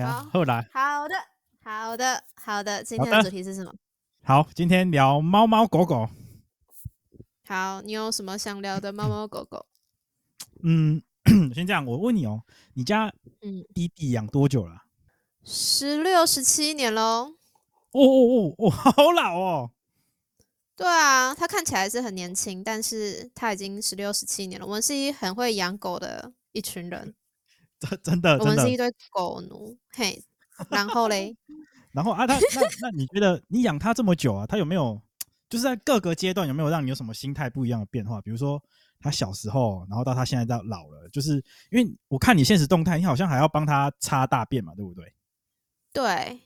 啊、好，後來。好的，好的，好的。今天的主題是什麼？好，今天聊貓貓狗狗。好，你有什麼想聊的貓貓狗狗？ 嗯，先這樣。我問你哦，你家嗯弟弟養多久了啊？十六十七年嘍。哦哦哦哦，好老哦。對啊，他看起來是很年輕，但是他已經十六十七年了。我們是一很會養狗的一群人。 真的，真的我們是一堆狗奴嘿。然後嘞， 然後啊，他那那你覺得你養他這麼久啊， 他有沒有就是在各個階段有沒有讓你有什麼心態不一樣的變化？比如說他小時候，然後到他現在到老了，就是因為我看你現實動態，你好像還要幫他擦大便嘛，對不對？對，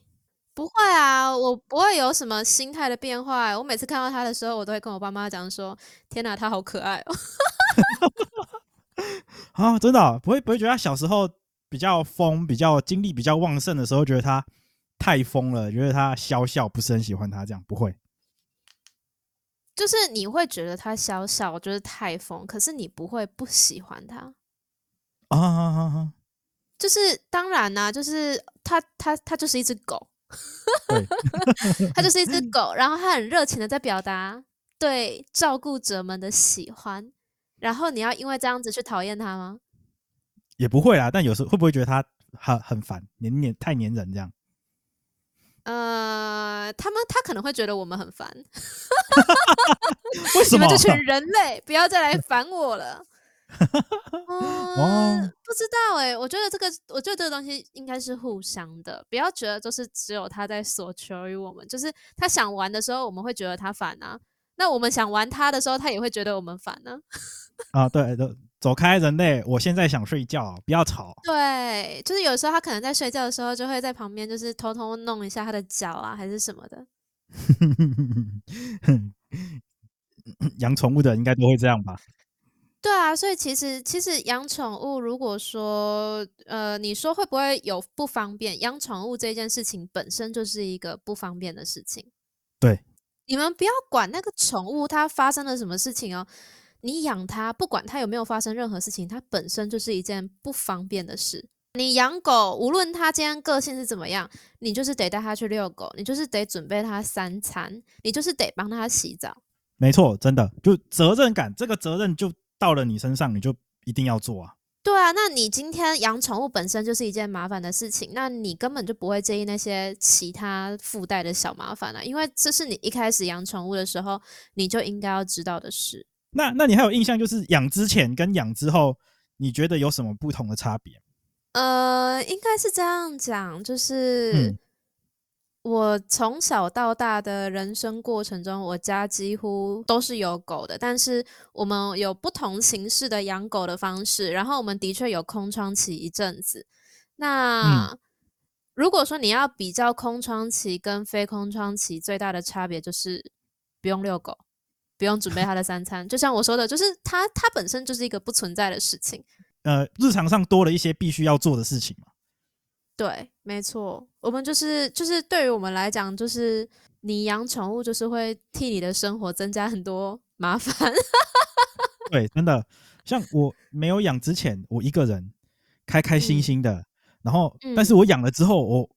不會啊，我不會有什麼心態的變化欸。我每次看到他的時候，我都會跟我爸媽講說：“天吶，他好可愛哦。 ” 啊、哦，真的、哦、不會不會覺得他小時候比較瘋，比較精力比較旺盛的時候，覺得他太瘋了，覺得他肖笑，不是很喜歡他這樣？不會，就是你會覺得他肖笑，我覺得太瘋，可是你不會不喜歡他啊，就是當然啊，就是他他他就是一隻狗， 對 他就是一隻狗，然後他很熱情地在表達對照顧者們的喜歡。然後你要因為這樣子去討厭他嗎？也不會啦，但有時候會不會覺得他很很煩，黏黏、太黏人這樣？呃，他們他可能會覺得我們很煩， 為什麼？你們這群人類，不要再來煩我了。 呃、不知道哎、欸，我覺得這個，我覺得這個東西應該是互相的，不要覺得就是只有他在索求於我們，就是他想玩的時候，我們會覺得他煩啊。那我們想玩它的時候，它也會覺得我們煩呢、啊。 啊，對，走開，人類！我現在想睡覺，不要吵。對，就是有時候它可能在睡覺的時候，就會在旁邊，就是偷偷弄一下它的腳啊，還是什麼的。養寵 物的應該都會這樣吧？對啊，所以其實其實養寵物，如果說呃，你說會不會有不方便？養寵物這件事情本身就是一個不方便的事情。對。你們不要管那個寵物它發生了什麼事情哦、喔，你養它不管它有沒有發生任何事情，它本身就是一件不方便的事。你養狗，無論它今天個性是怎麼樣，你就是得帶它去遛狗，你就是得準備它三餐，你就是得幫它洗澡。沒錯，真的，就責任感，這個責任就到了你身上，你就一定要做啊。對啊，那你今天養寵物本身就是一件麻煩的事情，那你根本就不會介意那些其他附帶的小麻煩了。啊，因為這是你一開始養寵物的時候，你就應該要知道的事。那，那你還有印象就是養之前跟養之後，你覺得有什麼不同的差別？呃，應該是這樣講，就是、嗯。我從小到大的人生過程中，我家幾乎都是有狗的，但是我們有不同形式的養狗的方式。然後我們的確有空窗期一陣子。那、嗯、如果說你要比較空窗期跟非空窗期，最大的差別就是不用遛狗，不用準備它的三餐。 就像我說的，就是它它本身就是一個不存在的事情，呃，日常上多了一些必須要做的事情嗎？對，沒錯，我們就是就是對於我們來講，就是你養寵物就是會替你的生活增加很多麻煩。 對，真的，像我沒有養之前，我一個人開開心心的，嗯、然後但是我養了之後，我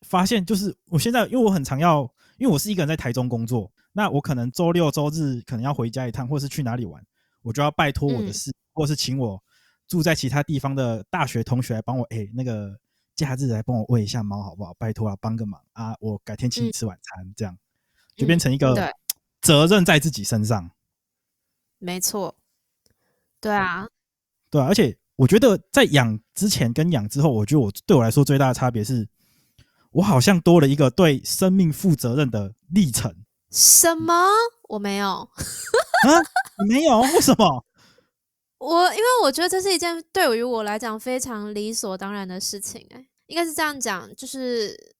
發現就是、嗯、我現在因為我很常要，因為我是一個人在台中工作，那我可能週六週日可能要回家一趟，或是去哪裡玩，我就要拜託我的事，嗯、或是請我住在其他地方的大學同學來幫我，哎、欸，那個。假日來幫我餵一下貓好不好？拜託啊，幫個忙啊！我改天請你吃晚餐，嗯、這樣就變成一個責任在自己身上。嗯、沒錯，對啊，對啊。而且我覺得在養之前跟養之後，我覺得我對我來說最大的差別是，我好像多了一個對生命負責任的歷程。什麼？我沒有 啊？沒有？為什麼？我因為我覺得這是一件對於我來講非常理所當然的事情，欸，誒，應該是這樣講，就是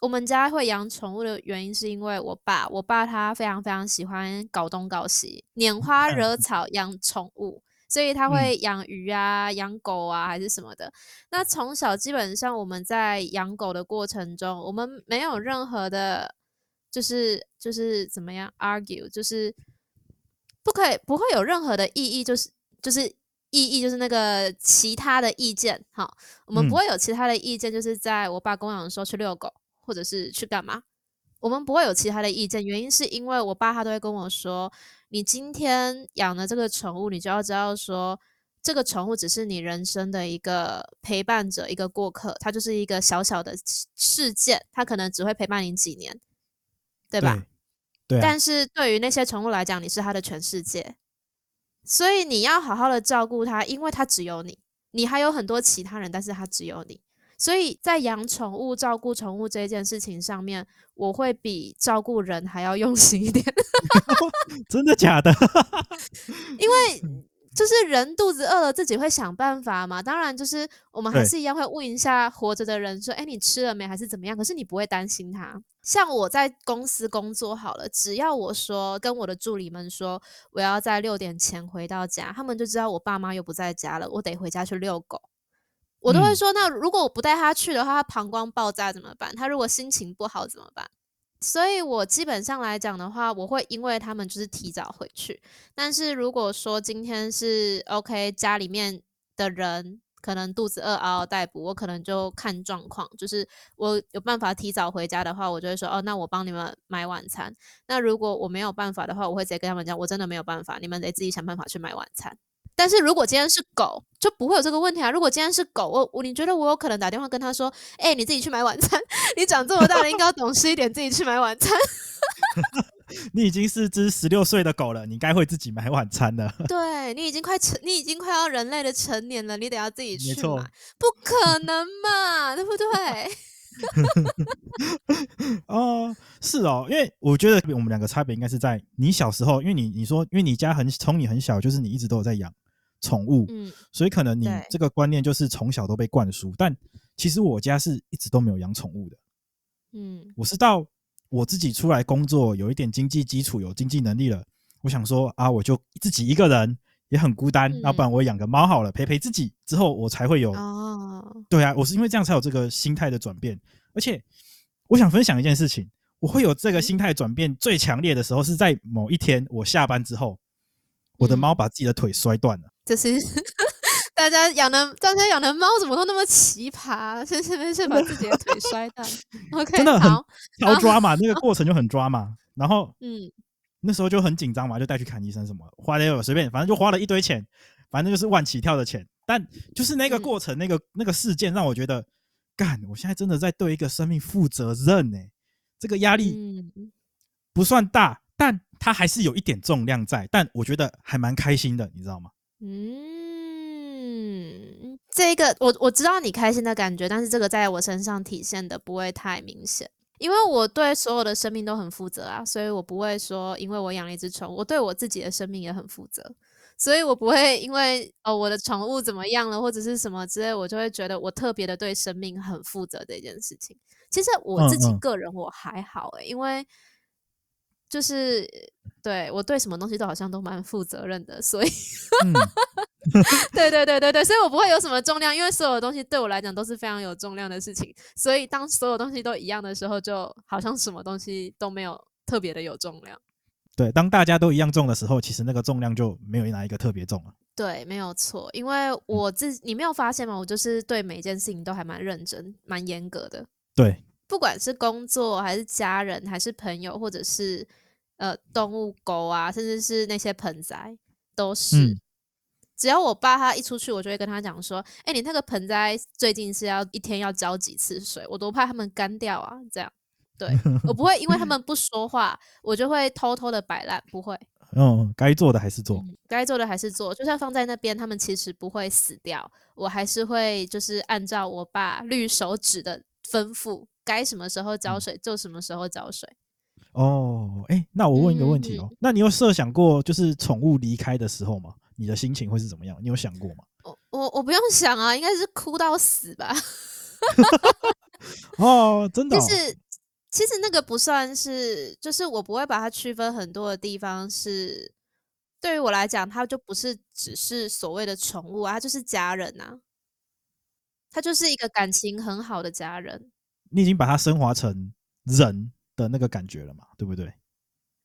我們家會養寵物的原因是因為我爸，我爸他非常非常喜歡搞東搞西，拈花惹草養寵物，嗯、所以他會養魚啊，養狗啊，還是什麼的。嗯、那從小基本上我們在養狗的過程中，我們沒有任何的，就是就是怎麼樣 argue，就是不可以不會有任何的異議，就是。就是異議，就是那個其他的意見，哈，我們不會有其他的意見，就是在我爸供養的時候去遛狗，或者是去幹嘛，我們不會有其他的意見。原因是因為我爸他都會跟我說，你今天養了這個寵物，你就要知道說，這個寵物只是你人生的一個陪伴者，一個過客，它就是一個小小的事件，它可能只會陪伴你幾年，對吧？對。對啊，但是對於那些寵物來講，你是它的全世界。所以你要好好的照顧它，因為它只有你，你還有很多其他人，但是它只有你。所以在養寵物、照顧寵物這件事情上面，我會比照顧人還要用心一點。 真的假的？ 因為就是人肚子餓了自己會想辦法嘛，當然就是我們還是一樣會問一下活着的人說：“哎對，你吃了沒？還是怎麼樣？”可是你不會擔心它。像我在公司工作好了，只要我說跟我的助理們說我要在六點前回到家，他們就知道我爸媽又不在家了，我得回家去遛狗。我都會說，嗯。那如果我不帶他去的話，他膀胱爆炸怎麼辦？他如果心情不好怎麼辦？所以我基本上來講的話，我會因為他們就是提早回去。但是如果說今天是 OK，家裡面的人。可能肚子餓，嗷嗷待哺，我可能就看狀況，就是我有辦法提早回家的話，我就會說哦，那我幫你們買晚餐。那如果我沒有辦法的話，我會直接跟他們講，我真的沒有辦法，你們得自己想辦法去買晚餐。但是如果今天是狗，就不會有這個問題啊。如果今天是狗，我你覺得我有可能打電話跟他說，欸，你自己去買晚餐，你長這麼大了應該懂事一點，自己去買晚餐。 你已經是隻十六歲的狗了，你該會自己買晚餐了。對，你已經快成，你已經快要人類的成年了，你得要自己去買。錯不可能嘛？ 對不對？哦、 呃，是哦，因為我覺得我們兩個差別應該是在你小時候，因為你你說，因為你家很從你很小就是你一直都有在養寵物，嗯，所以可能你這個觀念就是從小都被灌輸。對但其實我家是一直都沒有養寵物的，嗯，我是到。我自己出來工作，有一點經濟基礎，有經濟能力了，我想說啊，我就自己一個人也很孤單，嗯、要不然我養個貓好了，陪陪自己，之後我才會有。哦、對啊，我是因為這樣才有這個心態的轉變，而且我想分享一件事情，我會有這個心態轉變最強烈的時候是在某一天我下班之後，嗯、我的貓把自己的腿摔斷了。這是。 大家養的，大家養的貓怎麼都那麼奇葩、啊？是不是是把自己的腿摔斷 ，OK，真的很超抓嘛，那個過程就很抓嘛好。然後，嗯，那時候就很緊張嘛，就帶去看醫生什麼，花了隨便，反正就花了一堆錢，反正就是萬起跳的錢。但就是那個過程，嗯、那個那個事件讓我覺得，幹，我現在真的在對一個生命負責任呢、欸。這個壓力不算大，嗯、但它還是有一點重量在，但我覺得還蠻開心的，你知道嗎？嗯。這一個我我知道你開心的感覺，但是這個在我身上體現的不會太明顯，因為我對所有的生命都很負責啊，所以我不會說因為我養了一隻寵物，我對我自己的生命也很負責，所以我不會因為哦我的寵物怎麼樣了或者是什麼之類，我就會覺得我特別的對生命很負責這件事情。其實我自己個人我還好、欸，嗯嗯因為就是對我對什麼東西都好像都蠻負責任的，所以、嗯。 對對對對對，所以我不會有什麼重量，因為所有東西對我來講都是非常有重量的事情。所以當所有東西都一樣的時候，就好像什麼東西都沒有特別的有重量。對，當大家都一樣重的時候，其實那個重量就沒有哪一個特別重了啊。對，沒有錯，因為我自，你沒有發現嗎？我就是對每一件事情都還蠻認真、蠻嚴格的。對，不管是工作還是家人，還是朋友，或者是呃動物狗啊，甚至是那些盆栽，都是。嗯只要我爸他一出去，我就會跟他講說：“哎、欸，你那個盆栽最近是要一天要澆幾次水？我都怕他們乾掉啊！”這樣，對，我不會，因為他們不說話， 我就會偷偷的擺爛，不會。哦、嗯，該做的還是做，該做的還是做。就算放在那邊，他們其實不會死掉，我還是會就是按照我爸綠手指的吩咐，該什麼時候澆水、嗯、就什麼時候澆水。哦，哎，那我問一個問題哦，嗯嗯那你有設想過就是寵物離開的時候嗎？你的心情會是怎麼樣？你有想過嗎？我我我不用想啊，應該是哭到死吧。 哦，真的、哦。就是其、其實那個不算是，就是我不會把它區分很多的地方是，是對於我來講，它就不是只是所謂的寵物啊，它就是家人吶、啊。它就是一個感情很好的家人。你已經把它升華成人的那個感覺了嘛？對不對？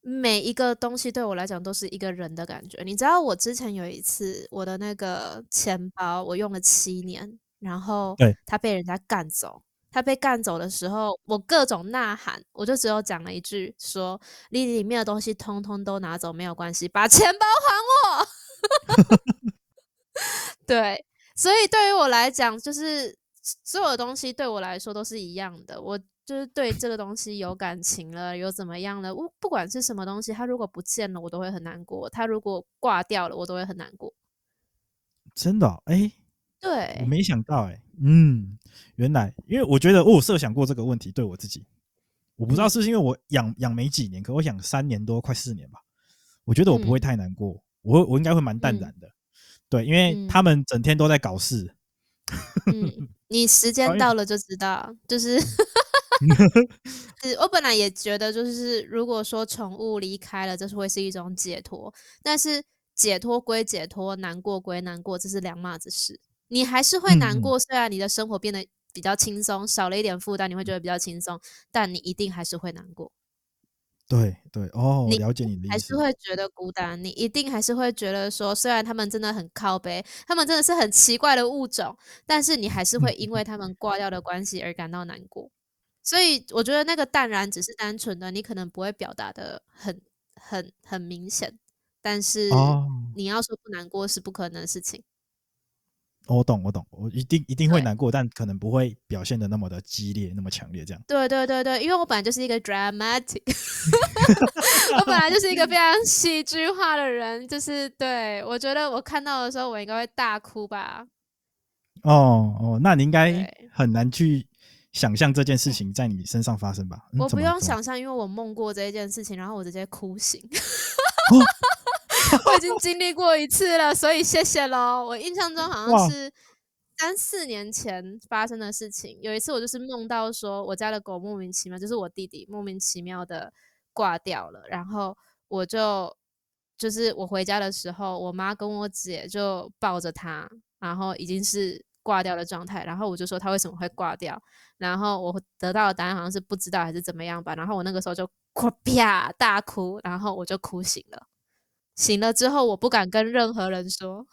每一個東西對我來講都是一個人的感覺。你知道，我之前有一次，我的那個錢包我用了七年，然後它被人家幹走。它被幹走的時候，我各種吶喊，我就只有講了一句：說，你裡面的東西通通都拿走，沒有關係，把錢包還我。 對，所以對於我來講，就是所有的東西對我來說都是一樣的。我。就是對這個東西有感情了，又怎麼樣了？我不管是什麼東西，它如果不見了，我都會很難過；它如果掛掉了，我都會很難過。真的。喔？哎，欸，對，我沒想到哎，欸，嗯，原來因為我覺得我有設想過這個問題，對我自己，我不知道是，是因為我養養、嗯、沒幾年，可我養三年多，快四年吧，我覺得我不會太難過，嗯、我會我應該會蠻淡然的。嗯、對，因為他們整天都在搞事。嗯、 你時間到了就知道，就是。 我本來也覺得，就是如果說寵物離開了，這是會是一種解脫。但是解脫歸解脫，難過歸難過，這是兩碼子事。你還是會難過。嗯、雖然你的生活變得比較輕鬆，少了一點負擔，你會覺得比較輕鬆，但你一定還是會難過。對對哦，你了解，你還是會覺得孤單。你一定還是會覺得說，雖然他們真的很靠北，他們真的是很奇怪的物種，但是你還是會因為他們掛掉的關係而感到難過。嗯所以我覺得那個淡然只是單純的，你可能不會表達的很很很明顯，但是你要說不難過是不可能的事情。哦、我懂，我懂，我一定一定會難過，對但可能不會表現的那麼的激烈，那麼強烈這樣。對對對對，因為我本來就是一個 dramatic， 我本來就是一個非常戲劇化的人， 就是對我覺得我看到的時候，我應該會大哭吧。哦哦，那你應該很難去，想象這件事情在你身上發生吧。嗯、我不用想象，因為我夢過這一件事情，然後我直接哭醒。 哦、 我已經經歷過一次了，所以謝謝嘍。我印象中好像是三四年前發生的事情。哇有一次我就是夢到說我家的狗莫名其妙，就是我弟弟莫名其妙的掛掉了，然後我就就是我回家的時候，我媽跟我姐就抱着他，然後已經是。掛掉的狀態，然後我就說，他為什麼會掛掉，然後我得到的答案好像是不知道還是怎麼樣吧，然後我那個時候就哭，啪大哭，然後我就哭醒了，醒了之後我不敢跟任何人說，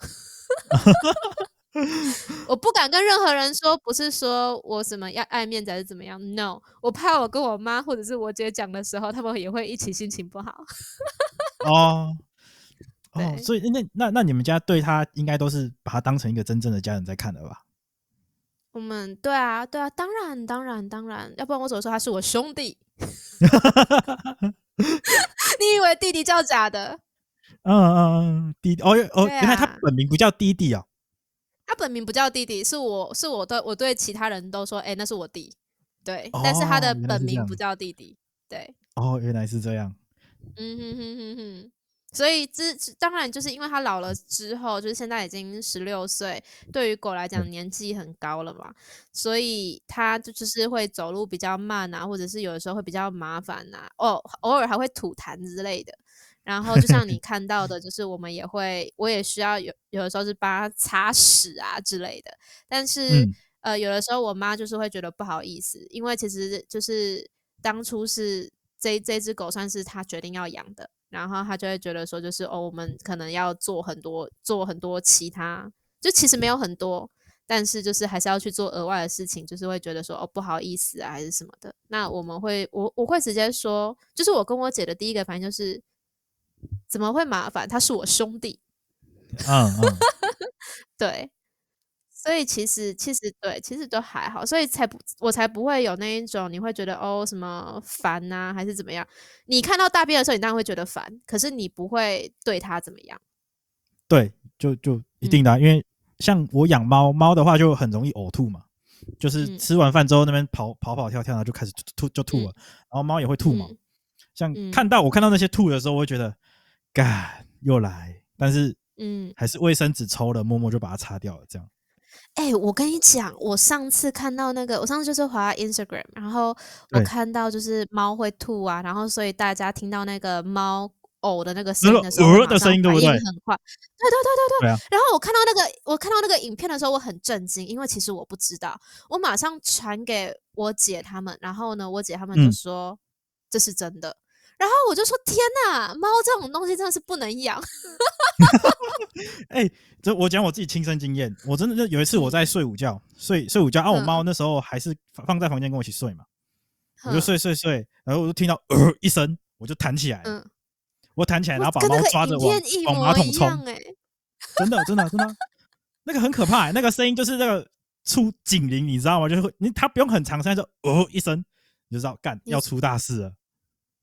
我不敢跟任何人說，不是說我什麼要愛面子還是怎麼樣，no，我怕我跟我媽或者是我姐講的時候，他們也會一起心情不好。 哦，哦，所以那那那你們家對他應該都是把他當成一個真正的家人在看的吧？我們，對啊，對啊，當然，當然，當然，要不然我怎麼說他是我兄弟。 你以為弟弟叫假的？嗯嗯嗯，弟弟哦哦，哦啊、原來他本名不叫弟弟啊、哦。他本名不叫弟弟，是我是我對我對其他人都說，哎、欸，那是我弟。對，哦、但是他的本名不叫弟弟。對。哦，原來是這樣。嗯哼哼哼哼。哦 所以這當然就是因為他老了之後，就是現在已經十六歲，對於狗來講年紀很高了嘛，所以它就就是會走路比較慢啊，或者是有的時候會比較麻煩啊，偶、哦、偶爾還會吐痰之類的。然後就像你看到的， 就是我們也會，我也需要有有的時候是幫它擦屎啊之類的。但是、嗯、呃，有的時候我媽就是會覺得不好意思，因為其實就是當初是這這隻狗算是他決定要養的。然後他就會覺得說，就是哦，我們可能要做很多，做很多其他，就其實沒有很多，但是就是還是要去做額外的事情，就是會覺得說哦，不好意思啊，還是什麼的。那我們會，我我會直接說，就是我跟我姐的第一個反應就是，怎麼會麻煩？他是我兄弟，嗯嗯，對。所以其實其實對，其實都還好，所以才不，我才不會有那一種，你會覺得哦，什麽煩啊還是怎麼樣？你看到大便的時候，你當然會覺得煩，可是你不會對它怎麼樣。對，就就一定的、啊，嗯、因為像我養貓，貓的話就很容易嘔吐嘛，就是吃完飯之後那邊跑跑跑跳跳，然後就開始就吐就吐了，嗯、然後貓也會吐嘛。嗯、像看到我看到那些吐的時候，我會覺得，幹、嗯，又來，但是嗯還是衛生紙抽了，默默就把它擦掉了這樣。哎，我跟你講，我上次看到那個，我上次就是滑 Instagram，然後我看到就是貓會吐啊，對然後所以大家聽到那個貓嘔、哦、的那個聲音的時候，聲音對，馬上反應很快，對對對對對。然後我看到那個，我看到那個影片的時候，我很震驚，因為其實我不知道，我馬上傳給我姐他們，然後呢，我姐他們就說、嗯、這是真的。然後我就說：“天哪，貓這種東西真的是不能養。 欸”哎，這我講我自己親身經驗，我真的就有一次我在睡午覺，睡睡午覺啊，我貓那時候還是放在房間跟我一起睡嘛，嗯、我就睡睡睡，然後我就聽到呃」，一聲，我就彈起來，嗯、我彈起來，然後把貓抓着我我往馬桶沖，真的真的真的，真的真的 那個很可怕、欸，那個聲音就是那個出警鈴，你知道嗎？就是你它不用很長時間就呃」，一聲，你就知道幹要出大事了。嗯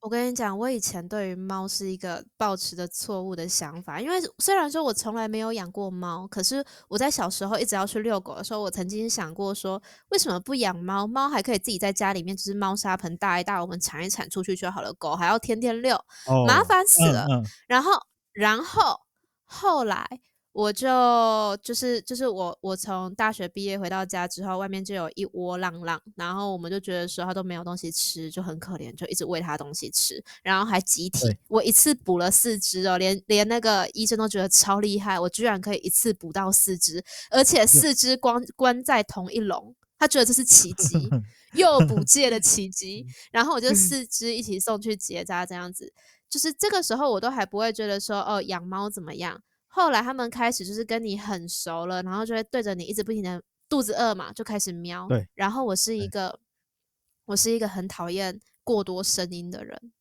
我跟你講，我以前對於貓是一個抱持著錯誤的想法，因為雖然說我從來沒有養過貓，可是我在小時候一直要去遛狗的時候，我曾經想過說，為什麼不養貓？貓還可以自己在家裡面，就是貓砂盆大一大，我們鏟一鏟出去就好了，狗還要天天遛，哦、麻煩死了。嗯嗯、然後，然後後來。我就就是就是我我從大學畢業回到家之後，外面就有一窩浪浪，然後我們就覺得說它都沒有東西吃，就很可憐，就一直餵它東西吃，然後還集體對我一次捕了四隻哦，連連那個醫生都覺得超厲害，我居然可以一次捕到四隻，而且四隻關又關在同一籠，他覺得這是奇蹟， 誘捕界的奇蹟。 然後我就四隻一起送去結紮，這樣子，嗯、就是這個時候我都還不會覺得說哦養貓怎麼樣。後來他們開始就是跟你很熟了，然後就會對着你一直不停的肚子餓嘛，就開始喵。對然後我是一個，對我是一個很討厭過多聲音的人。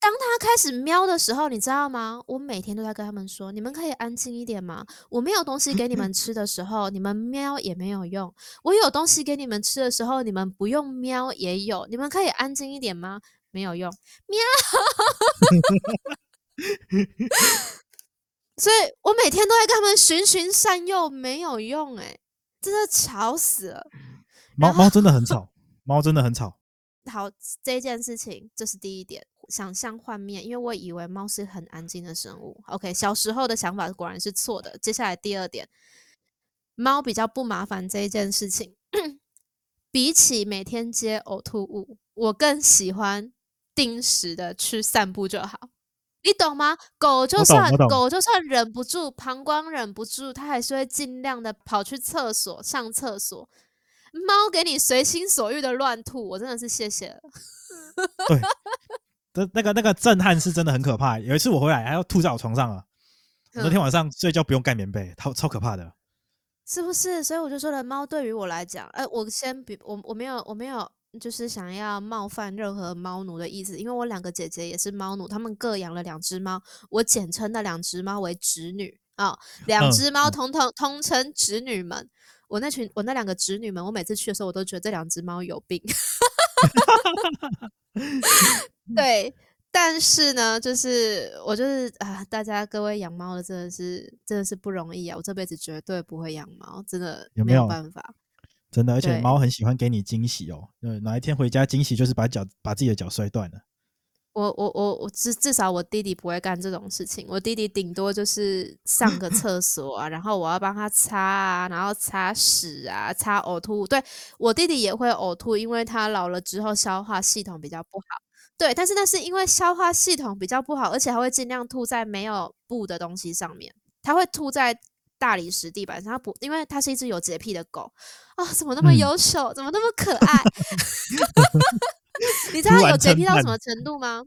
當他開始喵的時候，你知道嗎？我每天都在跟他們說：“你們可以安靜一點嗎？”我沒有東西給你們吃的時候， 你們喵也沒有用。我有東西給你們吃的時候，你們不用喵也有。你們可以安靜一點嗎？沒有用，喵。 所以我每天都在跟他們循循善誘，沒有用誒、欸，真的吵死了。貓貓真的很吵，貓 真的很吵。好，這件事情這是第一點，想像幻滅，因為我以為貓是很安靜的生物。OK，小時候的想法果然是錯的。接下來第二點，貓比較不麻煩這一件事情， 比起每天接嘔吐物，我更喜歡定時的去散步就好。你懂嗎？狗就算狗就算忍不住，膀胱忍不住，它還是會儘量的跑去廁所上廁所。貓給你隨心所欲的亂吐，我真的是謝謝了。對， 那那個那個震撼是真的很可怕欸。有一次我回來還要吐在我床上啊，嗯，我那天晚上睡覺不用蓋棉被，超超可怕的，是不是？所以我就說了，貓對於我來講，哎，欸，我先比我我沒有我沒有。我沒有就是想要冒犯任何貓奴的意思，因為我兩個姐姐也是貓奴，他們各養了兩隻貓，我簡稱那兩隻貓為侄女啊、哦，兩隻貓通通通稱侄女們。我那群，我那兩個侄女們，我每次去的時候，我都覺得這兩隻貓有病。 對，但是呢，就是我就是啊，大家各位養貓的真的是真的是不容易啊，我這輩子絕對不會養貓，真的有沒，有沒有辦法。真的，而且貓很喜歡給你驚喜哦、喔對。哪一天回家驚喜就是把腳把自己的腳摔斷了。我我我我至至少我弟弟不會幹這種事情。我弟弟頂多就是上個廁所啊， 然後我要幫他擦啊，然後擦屎啊，擦嘔吐。對，我弟弟也會嘔吐，因為他老了之後消化系統比較不好。對，但是那是因為消化系統比較不好，而且還會盡量吐在沒有布的東西上面。他會吐在。大理石地板上，它不，因為它是一隻有潔癖的狗啊、哦！怎麼那麼優秀，嗯、怎麼那麼可愛？ 你知道他有潔癖到什麼程度嗎？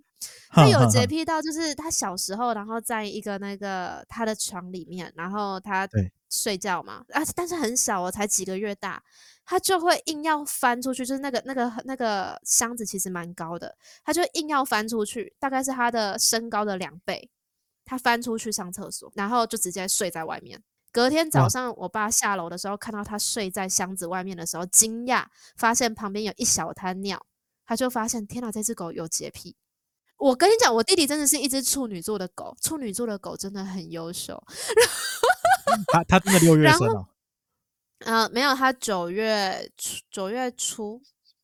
他有潔癖到就是他小時候，然後在一個那個他的床裡面，然後他睡覺嘛，而且對、啊、但是很小我、哦、才幾個月大，他就會硬要翻出去。就是那個那個那個箱子其實蠻高的，他就硬要翻出去，大概是他的身高的兩倍。他翻出去上廁所，然後就直接睡在外面。隔天早上，我爸下樓的時候看到他睡在箱子外面的時候，驚訝發現旁邊有一小灘尿，他就發現天吶，這隻狗有潔癖。我跟你講，我弟弟真的是一隻處女座的狗，處女座的狗真的很優秀。嗯、他他真的六月了，然後、呃、沒有，他九月九月初，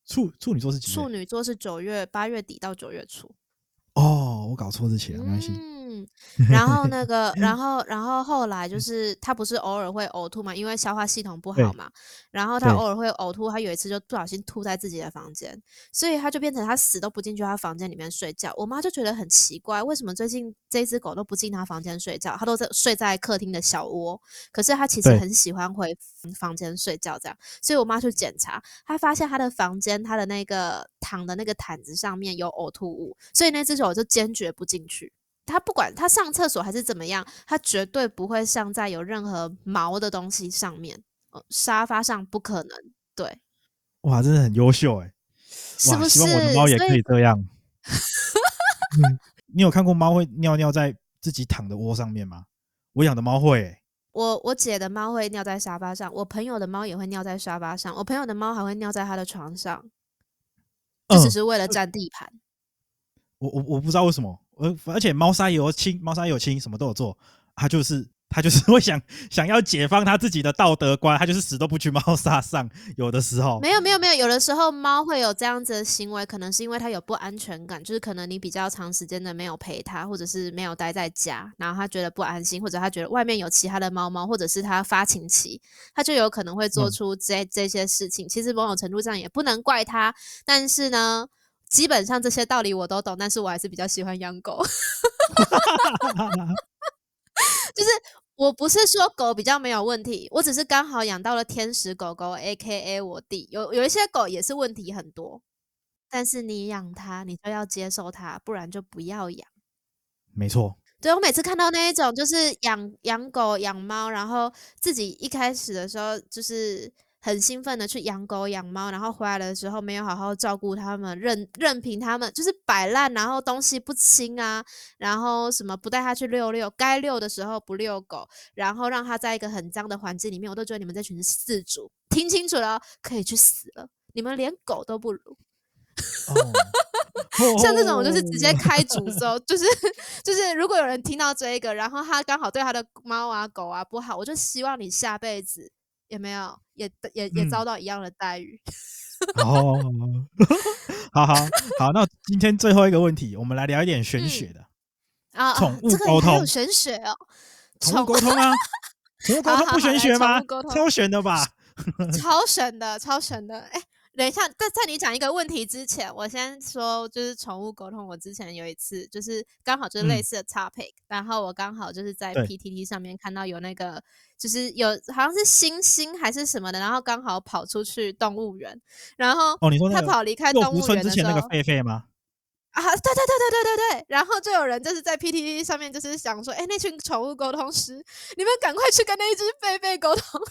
處處女座是幾？處女座是九月八月底到九月初。哦，我搞錯之前，沒關係。嗯嗯，然後那個， 然後，然後後來就是他不是偶爾會嘔吐嗎？因為消化系統不好嘛。對然後他偶爾會嘔吐，對他有一次就不小心吐在自己的房間，所以他就變成他死都不進去他房間裡面睡覺。我媽就覺得很奇怪，為什麼最近這隻狗都不進他房間睡覺，他都在睡在客廳的小窩。可是他其實很喜歡回房間睡覺這樣。對所以我媽去檢查，她發現他的房間，他的那個躺的那個毯子上面有嘔吐物，所以那隻狗就堅決不進去。它不管它上廁所還是怎麼樣，它絕對不會上在有任何毛的東西上面，沙發上不可能。對，哇，真的很優秀哎！是不是？希望我的貓也可以這樣。所以 嗯、你有看過貓會尿尿在自己躺的窩上面嗎？我養的貓會欸。我我姐的貓會尿在沙發上，我朋友的貓也會尿在沙發上，我朋友的貓還會尿在他的床上，這、呃、只是為了占地盤、呃。我我我不知道為什麼。而而且貓砂有清，貓砂有清，什麼都有做。他就是他就是會想想要解放他自己的道德觀，他就是死都不去貓砂上。有的時候。沒有沒有沒有，有的時候貓會有這樣子的行為，可能是因為它有不安全感，就是可能你比較長時間的沒有陪它，或者是沒有待在家，然後它覺得不安心，或者它覺得外面有其他的貓貓，或者是它發情期，它就有可能會做出這、嗯、這些事情。其實某種程度上也不能怪它，但是呢。基本上這些道理我都懂，但是我還是比較喜歡養狗。 就是我不是說狗比較沒有問題，我只是剛好養到了天使狗狗，AKA 我弟。有有一些狗也是問題很多，但是你養它，你就要接受它，不然就不要養。沒錯，對，我每次看到那一種，就是養養狗養貓，然後自己一開始的時候就是。很興奮的去養狗養貓，然後回來的時候沒有好好照顧它們，任任憑它們就是擺爛，然後東西不清啊，然後什麼不帶它去遛遛，該遛的時候不遛狗，然後讓它在一個很髒的環境裡面，我都覺得你們這群是飼主，聽清楚了，可以去死了，你們連狗都不如。像這種我就是直接開詛咒，就是就是如果有人聽到這一個，然後他剛好對他的貓啊狗啊不好，我就希望你下輩子。也沒有，也也也遭到一樣的待遇。哦、嗯， 好好好，那今天最後一個問題，我們來聊一點玄學的、嗯、啊，寵物溝通有玄學哦，寵物溝通啊，寵 物溝通不玄學嗎？超玄的吧， 超神的，超神的，哎、欸。等一下，在在你講一個問題之前，我先說，就是寵物溝通。我之前有一次，就是剛好就是類似的 topic，、嗯、然後我剛好就是在 P T T 上面看到有那個，對就是有好像是猩猩還是什麼的，然後剛好跑出去動物園，然後他跑離開動物園之前的那個狒狒嗎？啊，對對對對對對對，然後就有人就是在 P T T 上面，就是想說，哎，那群寵物溝通師，你們趕快去跟那一隻狒狒溝通。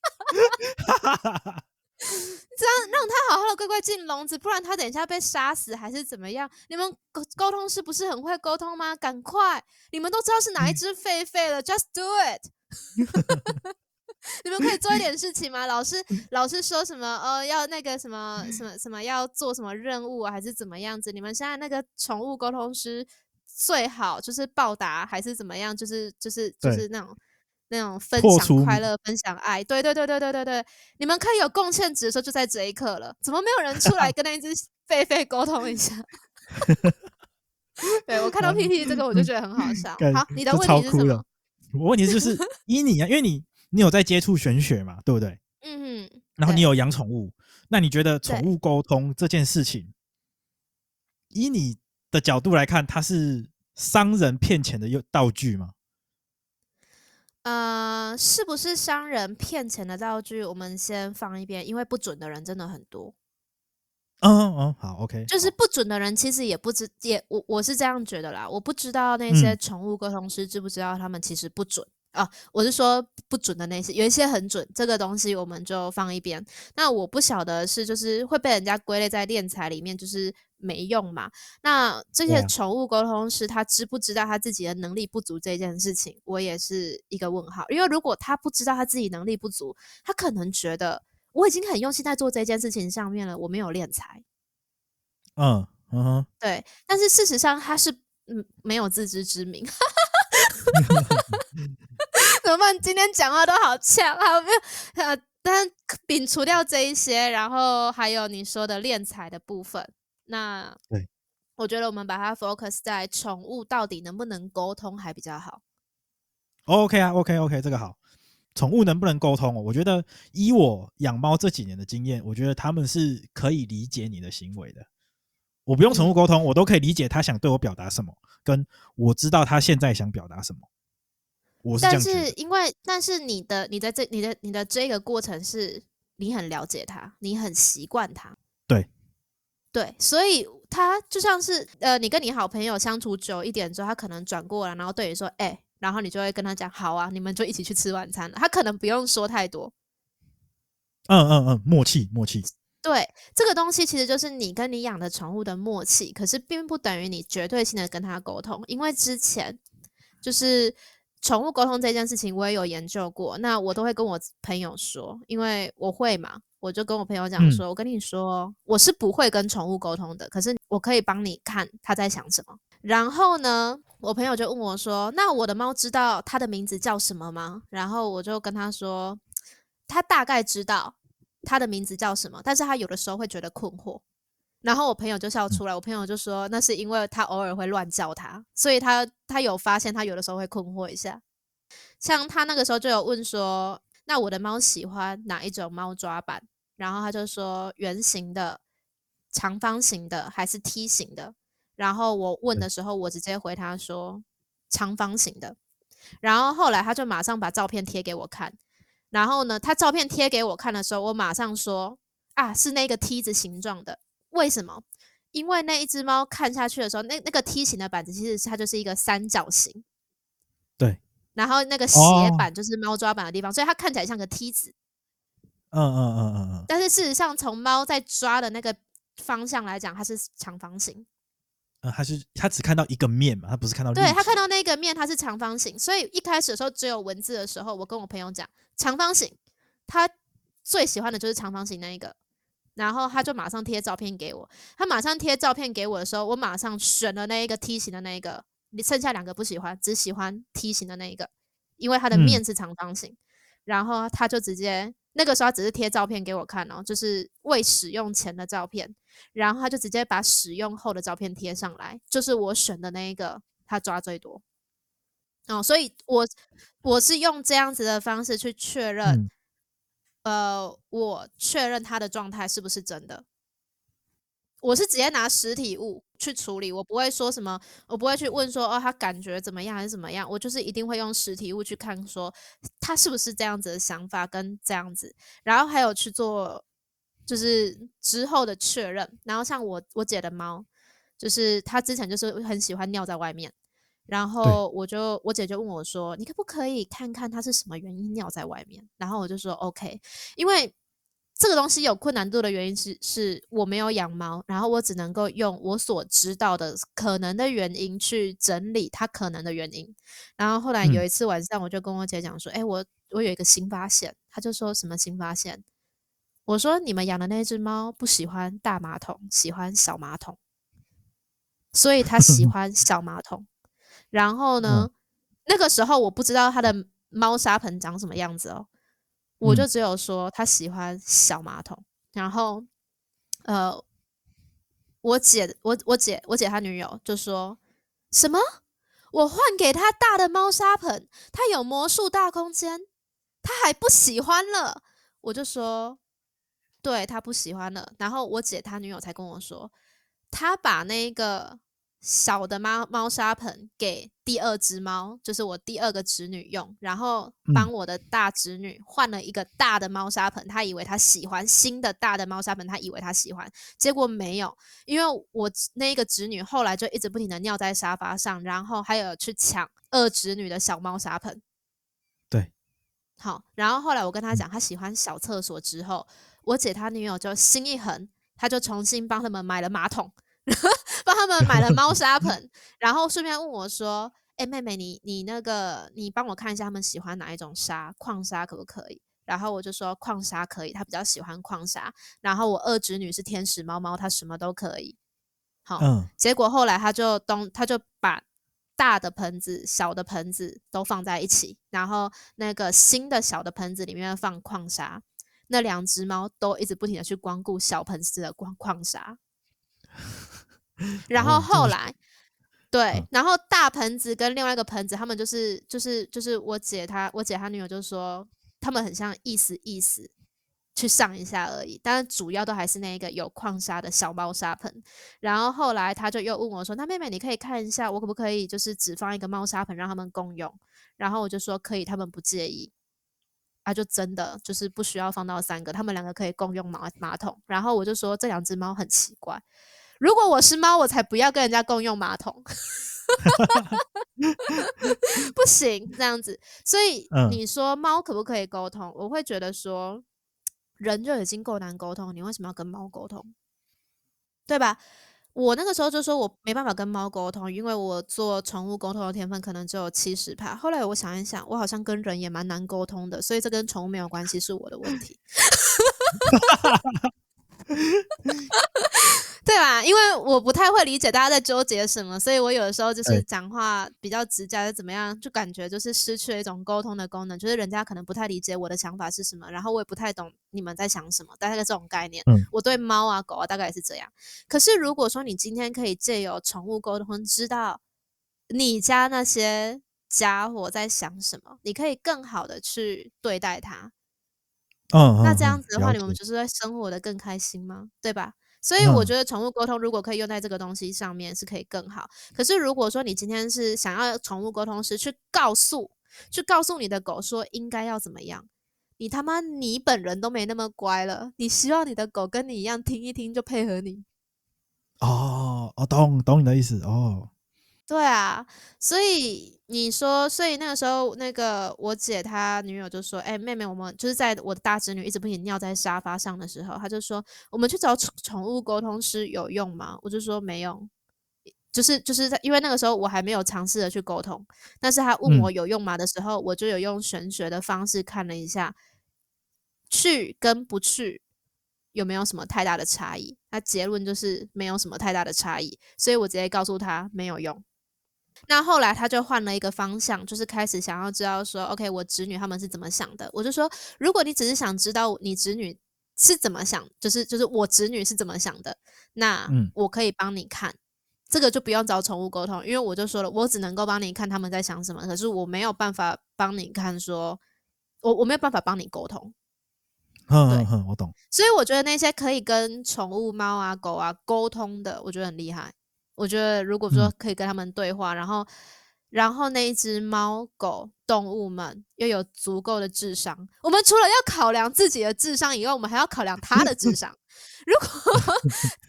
哈哈哈哈哈哈。這樣讓他好好的乖乖進籠子，不然他等一下被殺死還是怎麼樣？你們溝通師不是很會溝通嗎？趕快！你們都知道是哪一隻狒狒了 ，Just do it！ 你們可以做一點事情嗎？ 老是老是說什麼，呃，要那個什麼什麼什麼，什麼什麼要做什麼任務啊，還是怎麼樣子？你們現在那個寵物溝通師最好就是報答還是怎麼樣？就是就是就是那種。那種分享快樂、除分享愛，對對對對對對對，你們可以有貢獻值的時候就在這一刻了。怎麼沒有人出來跟那一隻狒狒溝通一下？ 對我看到 PPT 這個，我就覺得很好笑。 好，你的問題是什麼？我問題就是：以你啊，因為你你有在接觸玄學嘛， 對不對？嗯哼。然後你有養寵物，對那你覺得寵物溝通這件事情，對以你的角度來看，它是商人騙錢的道具嗎？呃，是不是商人騙錢的道具，我們先放一邊，因為不準的人真的很多。嗯嗯，好，OK，就是不準的人其實也不知也我我是這樣覺得啦。我不知道那些寵物溝通師知不知道，他們其實不準、嗯、啊。我是說不準的那些，有一些很準，這個東西我們就放一邊。那我不曉得是就是會被人家歸類在斂財裡面，就是。.沒用嘛？那這些寵物溝通師，他 Yeah. 知不知道他自己的能力不足這件事情？我也是一個問號。因為如果他不知道他自己能力不足，他可能覺得我已經很用心在做這件事情上面了，我沒有斂財。嗯嗯、uh，huh. 對。但是事實上，他是嗯沒有自知之明。 怎麼辦？今天講話都好嗆，好不？呃，但摒除掉這一些，然後還有你說的斂財的部分。那對，我覺得我們把它 focus 在寵物到底能不能溝通還比較好。OK 啊，OK OK，這個好。寵物能不能溝通？我覺得以我養貓這幾年的經驗，我覺得他們是可以理解你的行為的。我不用寵物溝通，嗯、我都可以理解他想對我表達什麼，跟我知道他現在想表達什麼。我是但是因為，但是你的你在這你的你的這個過程是你很了解他，你很習慣他。對。對，所以他就像是呃，你跟你好朋友相處久一點之後，他可能轉過來，然後對你說，哎、欸，然後你就會跟他講，好啊，你們就一起去吃晚餐。他可能不用說太多，嗯嗯嗯，默契，默契。對，這個東西其實就是你跟你養的寵物的默契，可是並不等於你絕對性的跟他溝通，因為之前就是寵物溝通這件事情，我也有研究過，那我都會跟我朋友說，因為我會嘛。我就跟我朋友講說，我跟你說，我是不會跟寵物溝通的，可是我可以幫你看他在想什麼。然後呢，我朋友就問我說，那我的貓知道它的名字叫什麼嗎？然後我就跟他說，他大概知道它的名字叫什麼，但是他有的時候會覺得困惑。然後我朋友就笑出來，我朋友就說，那是因為他偶爾會亂叫他，所以他他有發現他有的時候會困惑一下。像他那個時候就有問說，那我的貓喜歡哪一種貓抓板？然後他就說圓形的、長方形的還是梯形的？然後我問的時候，我直接回他說長方形的。然後後來他就馬上把照片貼給我看。然後呢，他照片貼給我看的時候，我馬上說啊，是那個梯子形狀的。為什麼？因為那一只貓看下去的時候，那那個梯形的板子其實它就是一個三角形。然後那個斜板就是貓抓板的地方，oh. 所以它看起來像個梯子。嗯嗯嗯嗯嗯。但是事實上，從貓在抓的那個方向來講，它是長方形。嗯，還是，它只看到一個面嘛，它不是看到。對，它看到那個面，它是長方形。所以一開始的時候，只有文字的時候，我跟我朋友講長方形，他最喜歡的就是長方形那一個，然後他就馬上貼照片給我。他馬上貼照片給我的時候，我馬上選了那一個梯形的那一個。你剩下兩個不喜歡，只喜歡梯形的那一個，因為它的面是長方形。嗯、然後他就直接那個時候他，只是貼照片給我看哦，就是未使用前的照片。然後他就直接把使用後的照片貼上來，就是我選的那一個，他抓最多。哦，所以我我是用這樣子的方式去確認，嗯、呃，我確認他的狀態是不是真的，我是直接拿實體物。去處理，我不會說什麼，我不會去問說哦，他感覺怎麼樣還是怎麼樣，我就是一定會用實體物去看說他是不是這樣子的想法跟這樣子，然後還有去做就是之後的確認。然後像我我姐的貓，就是她之前就是很喜歡尿在外面，然後我就對我姐就問我說，你可不可以看看她是什麼原因尿在外面？然後我就說 OK，因為。這個東西有困難度的原因是，是我沒有養貓，然後我只能夠用我所知道的可能的原因去整理它可能的原因。然後後來有一次晚上，我就跟我姐講說：“哎、嗯欸，我我有一個新發現。”她就說什麼新發現？我說：“你們養的那隻貓不喜歡大馬桶，喜歡小馬桶，所以它喜歡小馬桶。” 然後呢，哦、那個時候我不知道它的貓砂盆長什麼樣子哦。我就只有說他喜歡小馬桶，嗯、然後，呃，我姐我我姐我姐她女友就說，什麼我換給他大的貓砂盆，他有魔術大空間，他還不喜歡了。我就說，對，他不喜歡了，然後我姐她女友才跟我說，他把那個。小的貓貓砂盆給第二隻貓，就是我第二個侄女用，然後幫我的大侄女換了一個大的貓砂盆。她、嗯、以為她喜歡新的大的貓砂盆，她以為她喜歡，結果沒有，因為我那一個侄女後來就一直不停地尿在沙發上，然後還有去搶二侄女的小貓砂盆。對，好，然後後來我跟她講她喜歡小廁所之後，我姐她女友就心一橫，她就重新幫他們買了馬桶。 他們買了貓砂盆，然後順便問我說：“哎、欸，妹妹你，你你那個，你幫我看一下，他們喜歡哪一種砂？礦砂可不可以？”然後我就說：“礦砂可以，他比較喜歡礦砂。”然後我二侄女是天使貓貓，她什麼都可以。好，結果後來他就東，他就把大的盆子、小的盆子都放在一起，然後那個新的小的盆子裡面放礦砂，那兩只貓都一直不停的去光顧小盆子的光礦砂。 然後後來，對，啊、然後大盆子跟另外一個盆子，他們就是就是就是我姐她我姐她女友就說他們很像意思意思去上一下而已，但主要都還是那一個有礦砂的小貓砂盆。然後後來他就又問我說：“那妹妹，你可以看一下，我可不可以就是只放一個貓砂盆讓他們共用？”然後我就說：“可以，他們不介意。”啊，就真的就是不需要放到三個，他們兩個可以共用馬馬桶。然後我就說：“這兩隻貓很奇怪。”如果我是貓，我才不要跟人家共用馬桶， 不行這樣子。所以你說貓可不可以溝通？嗯。我會覺得說，人就已經夠難溝通，你為什麼要跟貓溝通？對吧？我那個時候就說，我沒辦法跟貓溝通，因為我做寵物溝通的天分可能只有七十趴。後來我想一想，我好像跟人也蠻難溝通的，所以這跟寵物沒有關係，是我的問題。 對吧？因為我不太會理解大家在糾結什麼，所以我有的時候就是講話比較直接，怎麼樣唉就感覺就是失去了一種溝通的功能，就是人家可能不太理解我的想法是什麼，然後我也不太懂你們在想什麼，大概這種概念。嗯、我對貓啊狗啊大概也是這樣。可是如果說你今天可以借由寵物溝通，知道你家那些傢伙在想什麼，你可以更好的去對待它。嗯。那這樣子的話，嗯、你們不是會生活的更開心嗎？對吧？所以我覺得寵物溝通如果可以用在這個東西上面，是可以更好。可是如果說你今天是想要寵物溝通師去告訴去告訴你的狗說應該要怎麼樣，你他媽你本人都沒那麼乖了，你希望你的狗跟你一樣聽一聽就配合你？哦哦，懂懂你的意思哦。對啊，所以你說，所以那個時候，那個我姐她女友就說：“哎、欸，妹妹，我們就是在我的大侄女一直不停尿在沙發上的時候，她就說我們去找寵寵物溝通師有用嗎？”我就說沒有，就是就是在因為那個時候我還沒有嘗試着去溝通，但是她問我有用嗎的時候，嗯、我就有用玄學的方式看了一下，去跟不去有沒有什麼太大的差異？那結論就是沒有什麼太大的差異，所以我直接告訴她沒有用。那後來他就換了一個方向，就是開始想要知道說，OK，我侄女他們是怎麼想的？我就說，如果你只是想知道你侄女是怎麼想，就是就是我侄女是怎麼想的，那嗯，我可以幫你看，嗯、這個就不用找寵物溝通，因為我就說了，我只能夠幫你看他們在想什麼，可是我沒有辦法幫你看說，我我沒有辦法幫你溝通。嗯呵對，我懂。所以我覺得那些可以跟寵物貓啊、狗啊溝通的，我覺得很厲害。我覺得，如果說可以跟他們對話，嗯、然後，然後那一隻貓狗動物們又有足夠的智商，我們除了要考量自己的智商以外，我們還要考量他的智商。 如果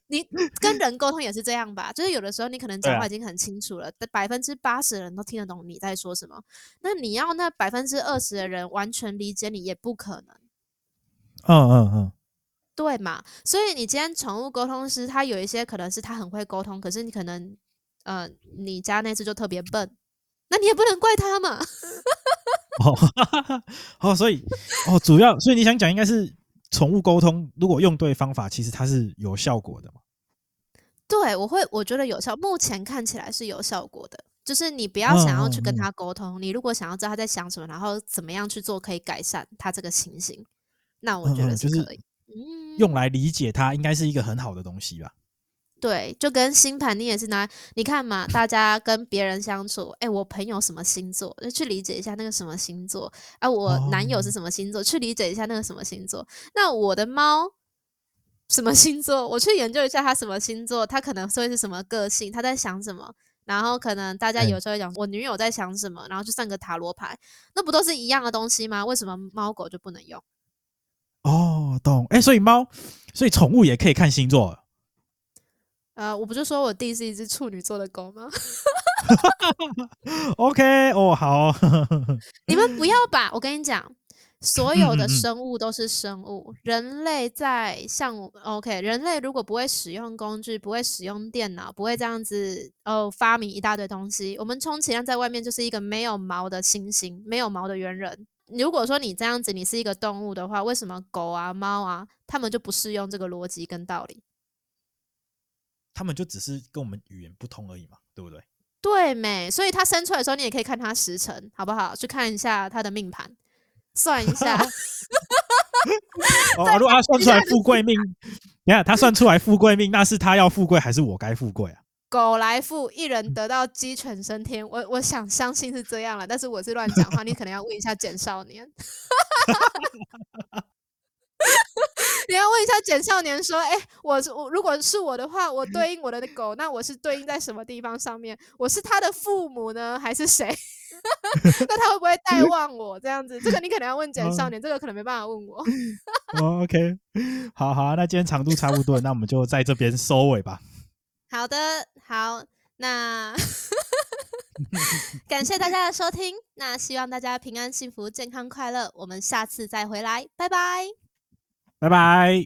你跟人溝通也是這樣吧，就是有的時候你可能講話已經很清楚了，百分之八十的人都聽得懂你在說什麼，那你要那百分之二十的人完全理解你也不可能。嗯嗯嗯。哦哦。對嘛，所以你今天寵物溝通師，他有一些可能是他很會溝通，可是你可能，呃，你家那只就特別笨，那你也不能怪他嘛 哦。哦，所以，哦，主要，所以你想講應該是寵物溝通，如果用對方法，其實它是有效果的嘛？對，我會，我覺得有效，目前看起來是有效果的。就是你不要想要去跟他溝通，嗯嗯，你如果想要知道他在想什麼，然後怎麼樣去做可以改善他這個情形，那我覺得是可以。嗯嗯就是用來理解它，應該是一個很好的東西吧？嗯、對，就跟星盤，你也是拿你看嘛。大家跟別人相處，誒、 欸，我朋友什麼星座，就去理解一下那個什麼星座。啊我男友是什麼星座，哦、去理解一下那個什麼星座。那我的貓什麼星座，我去研究一下它什麼星座，它可能會是什麼個性，它在想什麼。然後可能大家有時候講、欸、我女友在想什麼，然後就上個塔羅牌，那不都是一樣的東西嗎？為什麼貓狗就不能用？哦，oh, 懂，哎、欸，所以貓，所以寵物也可以看星座。呃，我不是說我弟是一只處女座的狗嗎 ？OK，哈哈哈哦，好。 你們不要把，我跟你講，所有的生物都是生物，嗯嗯人類在像，像我 OK，人類如果不會使用工具，不會使用電腦，不會這樣子，哦、呃，發明一大堆東西，我們充其量在外面就是一個沒有毛的猩猩，沒有毛的猿人。如果說你這樣子，你是一個動物的話，為什麼狗啊、貓啊，他們就不適用這個邏輯跟道理？他們就只是跟我們語言不通而已嘛，對不對？對沒，所以它生出來的時候，你也可以看它時辰，好不好？去看一下它的命盤，算一下。哦，如果他算出來富貴命，你看他算出來富貴命， 命，那是他要富貴還是我該富貴啊？狗來富，一人得道雞犬升天。我我想相信是這樣了，但是我是亂講話，你可能要問一下簡少年。 你要問一下簡少年說：“哎、欸，我是我如果是我的話，我對應我的狗，那我是對應在什麼地方上面？我是他的父母呢，還是誰？ 那他會不會帶旺我這樣子？這個你可能要問簡少年，oh. 這個可能沒辦法問我。 ” oh, OK，好好、啊，那今天長度差不多， 那我們就在這邊收尾吧。好的。好，那 感謝大家的收聽，那希望大家平安、幸福、健康、快樂。我們下次再回來，拜拜，拜拜。